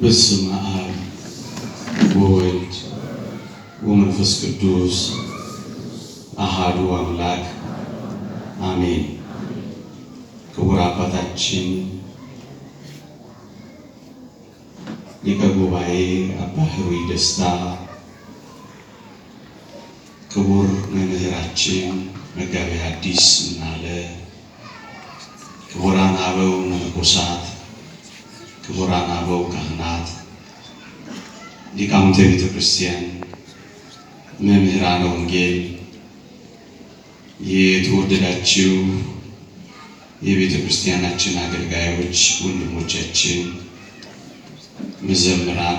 በስመ አብ ወወልድ ወመንፈስ ቅዱስ አሃዱ አምላክ አሜን። ክቡር አባታችን ሊቀ ጉባኤ አባ ሕሩይ ደስታ፣ ክቡር መምህራችን መጋቤ ሐዲስ እናለ፣ ክቡራን አበው መነኮሳት ክቡራን አበው ካህናት፣ ሊቃውንተ ቤተ ክርስቲያን፣ መምህራን ወንጌል፣ የተወደዳችው የቤተ ክርስቲያናችን አገልጋዮች ወንድሞቻችን፣ መዘምራን፣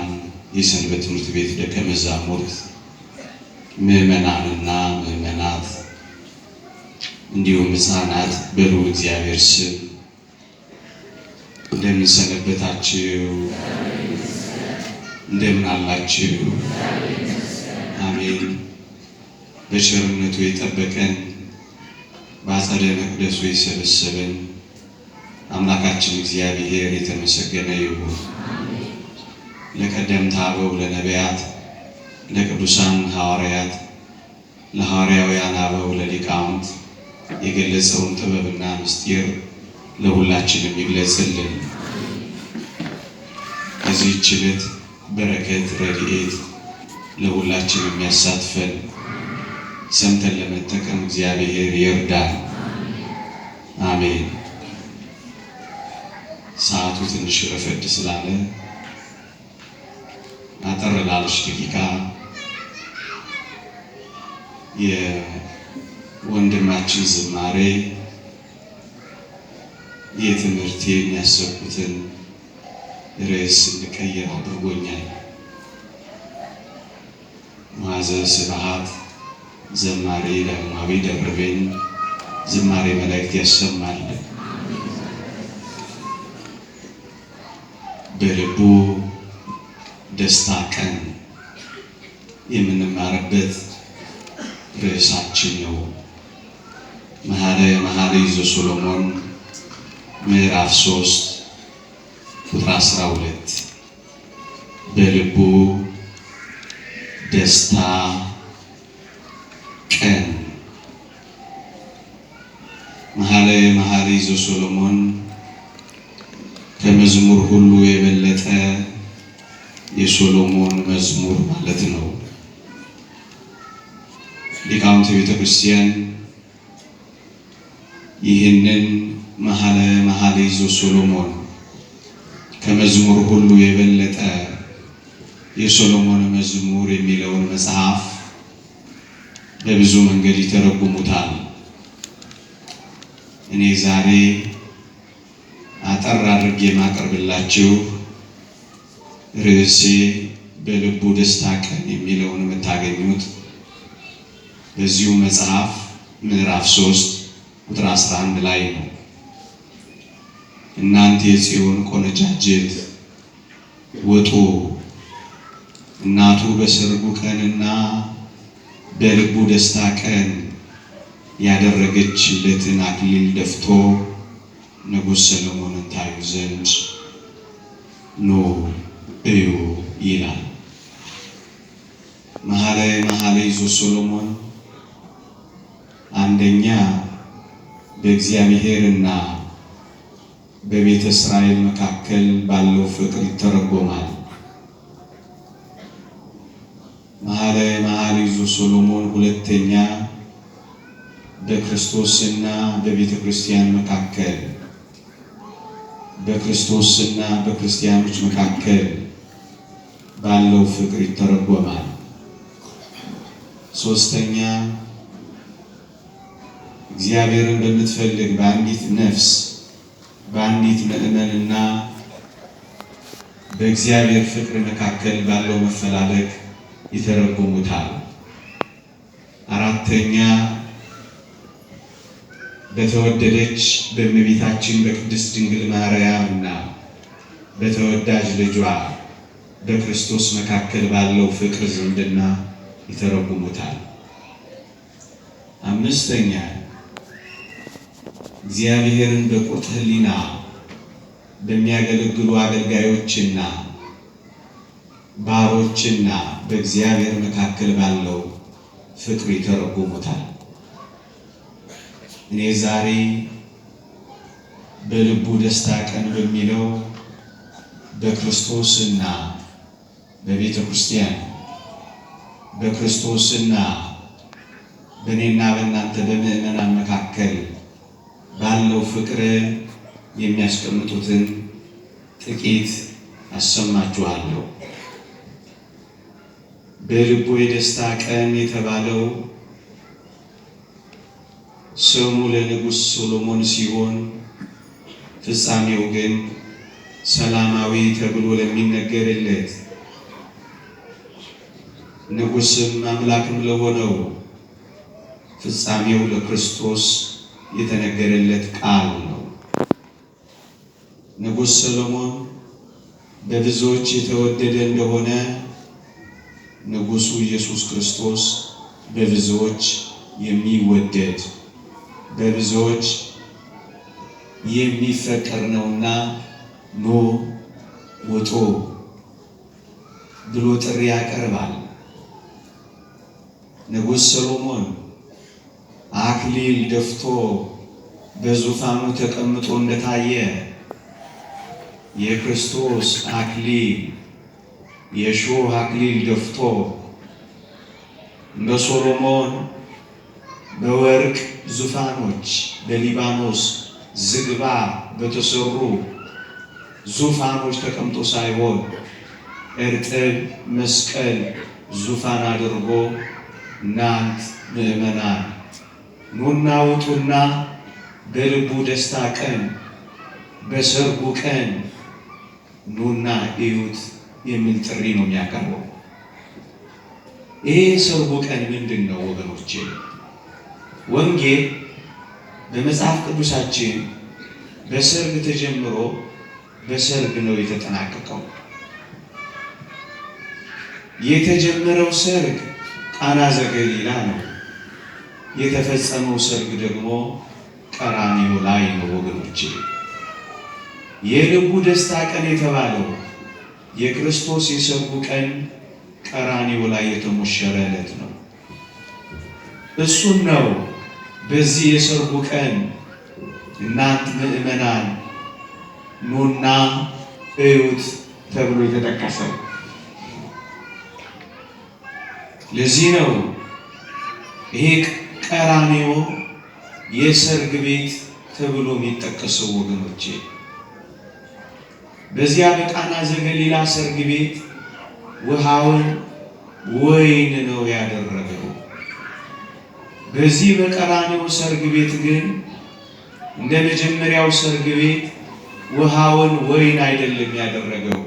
የሰንበት ትምህርት ቤት ደቀ መዛሙርት፣ ምዕመናንና ምዕመናት እንዲሁም ሕፃናት በሉ እግዚአብሔር ስም እንደምንሰነበታችሁ እንደምን አላችሁ? አሜን። በቸርነቱ የጠበቀን በአጸደ መቅደሱ የሰበሰበን አምላካችን እግዚአብሔር የተመሰገነ ይሁን። ለቀደምት አበው ለነቢያት፣ ለቅዱሳን ሐዋርያት፣ ለሐዋርያውያን አበው፣ ለሊቃውንት የገለጸውን ጥበብና ምስጢር ለሁላችንም ይግለጽልን። ከዚህ ችለት በረከት ረድኤት ለሁላችንም ያሳትፈን። ሰምተን ለመጠቀም እግዚአብሔር ይርዳል። አሜን። ሰዓቱ ትንሽ ረፈድ ስላለ አጠር ላለች ደቂቃ የወንድማችን ዝማሬ የትምህርት የሚያሰቡትን ርዕስ እንድቀይር አድርጎኛል። ማዘ ስብሐት ዘማሪ ዳግማዊ ደብርቤን ዝማሬ መላእክት ያሰማል። በልቡ ደስታ ቀን የምንማርበት ርዕሳችን ነው። መኃልየ ይዞ ሶሎሞን ። ምዕራፍ ሶስት ቁጥር አስራ በልቡ ደስታ ቀን መኃልየ መኃልይ ዘሰሎሞን ከመዝሙር ሁሉ የበለጠ የሶሎሞን መዝሙር ማለት ነው። ሊቃውንተ ቤተ ክርስቲያን ይህንን መሐለ ይዞ ሶሎሞን ከመዝሙር ሁሉ የበለጠ የሶሎሞን መዝሙር የሚለውን መጽሐፍ በብዙ መንገድ ይተረጉሙታል። እኔ ዛሬ አጠር አድርጌ የማቀርብላችሁ ርዕሴ በልቡ ደስታ ቀን የሚለውን የምታገኙት በዚሁ መጽሐፍ ምዕራፍ 3 ቁጥር 11 ላይ ነው። እናንተ የጽዮን ቆነጃጅት ውጡ፣ እናቱ በሰርጉ ቀንና በልቡ ደስታ ቀን ያደረገችለትን አክሊል ደፍቶ ንጉሥ ሰለሞንን ታዩ ዘንድ ኑ እዩ ይላል። መኃልየ መኃልይ ዘሰሎሞን አንደኛ በእግዚአብሔርና በቤተ እስራኤል መካከል ባለው ፍቅር ይተረጎማል። መኃልየ መኃልይ ሶሎሞን ሁለተኛ በክርስቶስና በቤተ ክርስቲያን መካከል በክርስቶስና በክርስቲያኖች መካከል ባለው ፍቅር ይተረጎማል። ሶስተኛ እግዚአብሔርን በምትፈልግ በአንዲት ነፍስ በአንዲት እና በእግዚአብሔር ፍቅር መካከል ባለው መፈላለግ ይተረጉሙታል። አራተኛ በተወደደች በእመቤታችን በቅድስት ድንግል ማርያም እና በተወዳጅ ልጇ በክርስቶስ መካከል ባለው ፍቅር ዝምድና ይተረጉሙታል። አምስተኛ እግዚአብሔርን በቁርጥ ሕሊና በሚያገለግሉ አገልጋዮችና ባሮችና በእግዚአብሔር መካከል ባለው ፍቅር ይተረጉሙታል። እኔ ዛሬ በልቡ ደስታ ቀን በሚለው በክርስቶስና በቤተ ክርስቲያን በክርስቶስና በእኔና በእናንተ በምእመናን መካከል ባለው ፍቅር የሚያስቀምጡትን ጥቂት አሰማችኋለሁ። በልቡ የደስታ ቀን የተባለው ስሙ ለንጉሥ ሶሎሞን ሲሆን ፍጻሜው ግን ሰላማዊ ተብሎ ለሚነገርለት ንጉሥም አምላክም ለሆነው ፍጻሜው ለክርስቶስ የተነገረለት ቃል ነው። ንጉሥ ሰሎሞን በብዙዎች የተወደደ እንደሆነ ንጉሡ ኢየሱስ ክርስቶስ በብዙዎች የሚወደድ በብዙዎች የሚፈቀር ነውና ኑ ውጡ ብሎ ጥሪ ያቀርባል። ንጉሥ ሰሎሞን አክሊል ደፍቶ በዙፋኑ ተቀምጦ እንደታየ የክርስቶስ አክሊል የእሾህ አክሊል ደፍቶ እንደ ሶሎሞን በወርቅ ዙፋኖች በሊባኖስ ዝግባ በተሰሩ ዙፋኖች ተቀምጦ ሳይሆን እርጥብ መስቀል ዙፋን አድርጎ እናንት ምእመናን ኑና ውጡና በልቡ ደስታ ቀን በሰርጉ ቀን ኑና እዩት የሚል ጥሪ ነው የሚያቀርበው። ይሄ ሰርጉ ቀን ምንድን ነው ወገኖቼ? ወንጌል በመጽሐፍ ቅዱሳችን በሰርግ ተጀምሮ በሰርግ ነው የተጠናቀቀው። የተጀመረው ሰርግ ቃና ዘገሊላ ነው። የተፈጸመው ሰርግ ደግሞ ቀራኒው ላይ ነው ወገኖች። የልቡ ደስታ ቀን የተባለው የክርስቶስ የሰርጉ ቀን ቀራኒው ላይ የተሞሸረ ዕለት ነው። እሱን ነው በዚህ የሰርጉ ቀን እናንት ምእመናን ኑና እዩት ተብሎ የተጠቀሰው። ለዚህ ነው ይሄ ቀራንዮ የሰርግ ቤት ተብሎ የሚጠቀሰው ወገኖቼ፣ በዚያ በቃና ዘገሊላ ሰርግ ቤት ውሃውን ወይን ነው ያደረገው። በዚህ በቀራኔዎ ሰርግ ቤት ግን እንደ መጀመሪያው ሰርግ ቤት ውሃውን ወይን አይደለም ያደረገው።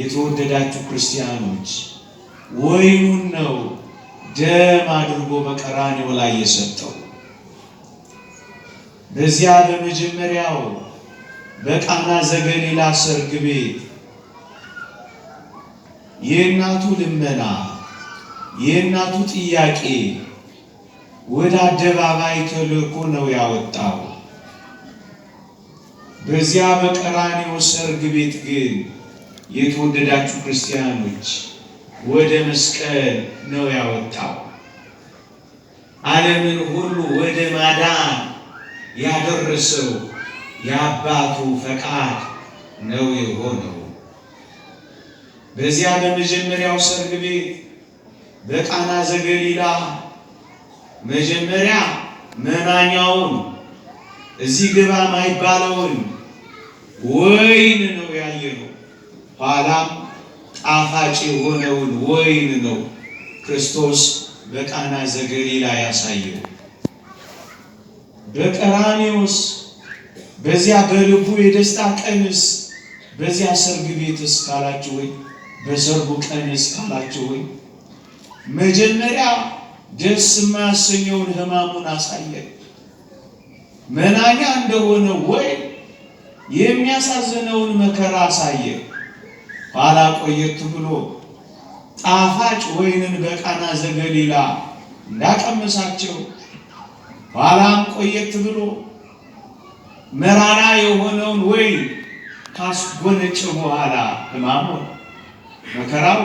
የተወደዳችሁ ክርስቲያኖች ወይኑን ነው ደም አድርጎ በቀራንዮ ላይ የሰጠው በዚያ በመጀመሪያው በቃና ዘገሊላ ሰርግ ቤት የእናቱ ልመና የእናቱ ጥያቄ ወደ አደባባይ ተልእኮ ነው ያወጣው። በዚያ በቀራኒው ሰርግ ቤት ግን የተወደዳችሁ ክርስቲያኖች ወደ መስቀል ነው ያወጣው። ዓለምን ሁሉ ወደ ማዳን ያደረሰው የአባቱ ፈቃድ ነው የሆነው። በዚያ በመጀመሪያው ሰርግ ቤት በቃና ዘገሊላ መጀመሪያ መናኛውን እዚህ ግባ ማይባለውን ወይን ነው ያየነው ኋላም ጣፋጭ የሆነውን ወይን ነው ክርስቶስ በቃና ዘገሊላ ያሳየው። በቀራኔዎስ በዚያ በልቡ የደስታ ቀንስ በዚያ ሰርግ ቤትስ ካላችሁ ወይ በሰርጉ ቀንስ ካላችሁ ወይ መጀመሪያ ደስ የማያሰኘውን ሕማሙን አሳየ። መናኛ እንደሆነ ወይ የሚያሳዝነውን መከራ አሳየን። ባላ ቆየቱ ብሎ ጣፋጭ ወይንን በቃና ዘገሊላ እንዳቀመሳቸው ባላም ቆየት ብሎ መራራ የሆነውን ወይን ካስጎነጨ በኋላ ሕማሙን መከራው